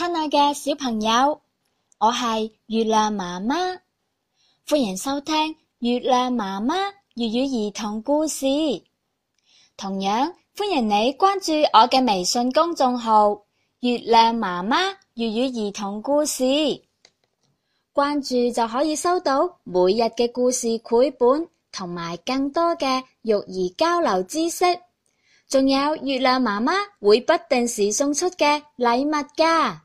親愛嘅小朋友，我係月亮媽媽，歡迎收聽月亮媽媽粵語兒童故事。同樣歡迎你關注我嘅微信公眾號《月亮媽媽粵語兒童故事》，關注就可以收到每日嘅故事繪本，同埋更多嘅育兒交流知識，仲有月亮媽媽會不定時送出嘅禮物噶。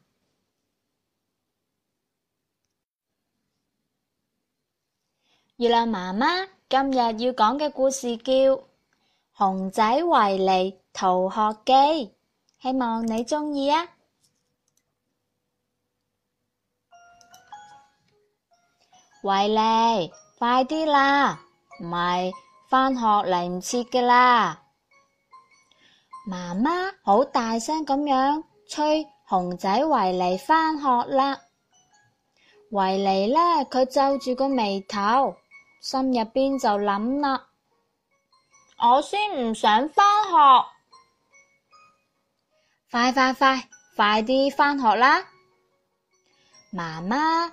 月亮媽媽今日要講嘅故事叫《熊仔維尼逃學記》，希望你鍾意啊！維尼快啲啦，唔係翻學嚟唔切嘅啦。媽媽好大聲咁樣催熊仔維尼翻學啦。維尼呢，佢皺住個眉頭。心入邊就諗啦，我先唔想返學，快快快，快啲返學啦！媽媽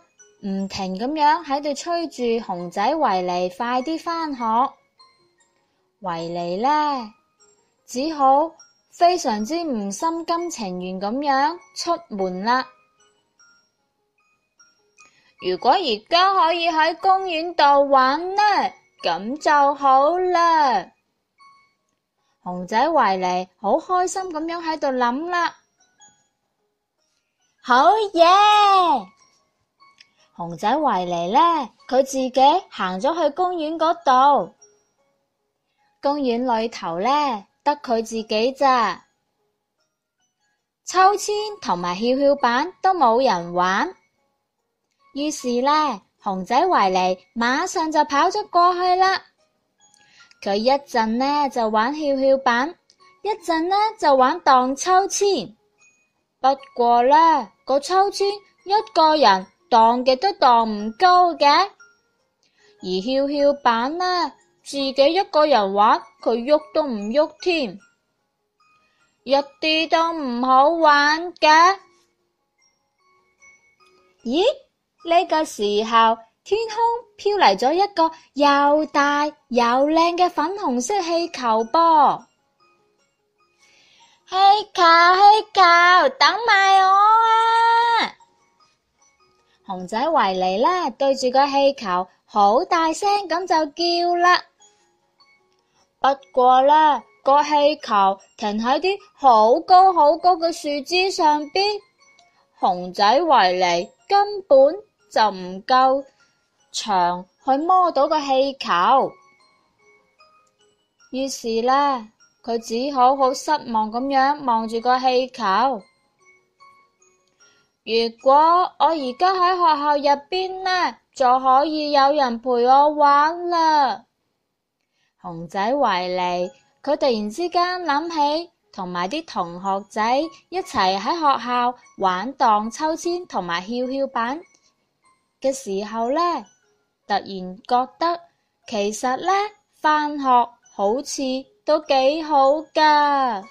唔停咁樣喺度催住熊仔維尼快啲返學，維尼呢，只好非常之唔心甘情願咁樣出門啦。如果而家可以喺公園度玩呢，咁就好啦。熊仔維尼好開心咁樣喺度諗啦，好嘢！熊仔維尼呢，佢自己行咗去公園嗰度。公園裏頭呢，得佢自己咋。秋千同埋蹺蹺板都冇人玩。於是呢，熊仔維尼馬上就跑咗過去啦。佢一陣呢就玩蹺蹺板，一陣呢就玩蕩秋千。不過呢，個秋千一個人蕩嘅都蕩唔高嘅，而蹺蹺板呢，自己一個人玩，佢喐都唔喐添，一啲都唔好玩嘅。咦？呢個時候，天空飄嚟咗一個又大又靚嘅粉紅色氣球波。氣球，氣球，等埋我啊！熊仔維尼呢對住個氣球好大聲咁就叫啦。不過呢個氣球停喺啲好高好高嘅樹枝上邊，熊仔維尼根本，就唔夠長去摸到個氣球，於是呢，佢只好好失望咁樣望住個氣球。如果我而家喺學校入邊呢，就可以有人陪我玩啦。熊仔維尼佢突然之間諗起同埋啲同學仔一齊喺學校玩盪秋千同埋蹺蹺板嘅時候呢，突然覺得其實呢，翻學好似都幾好噶。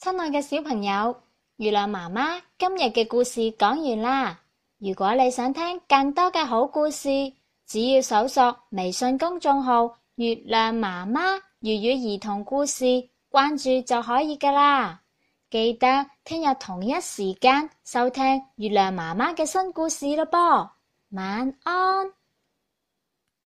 親愛嘅小朋友，月亮媽媽今日嘅故事講完啦。如果你想聽更多嘅好故事，只要搜索微信公眾號“月亮媽媽粵語兒童故事”，關注就可以噶啦。記得聽日同一時間收聽月亮媽媽嘅新故事咯，噃，晚安。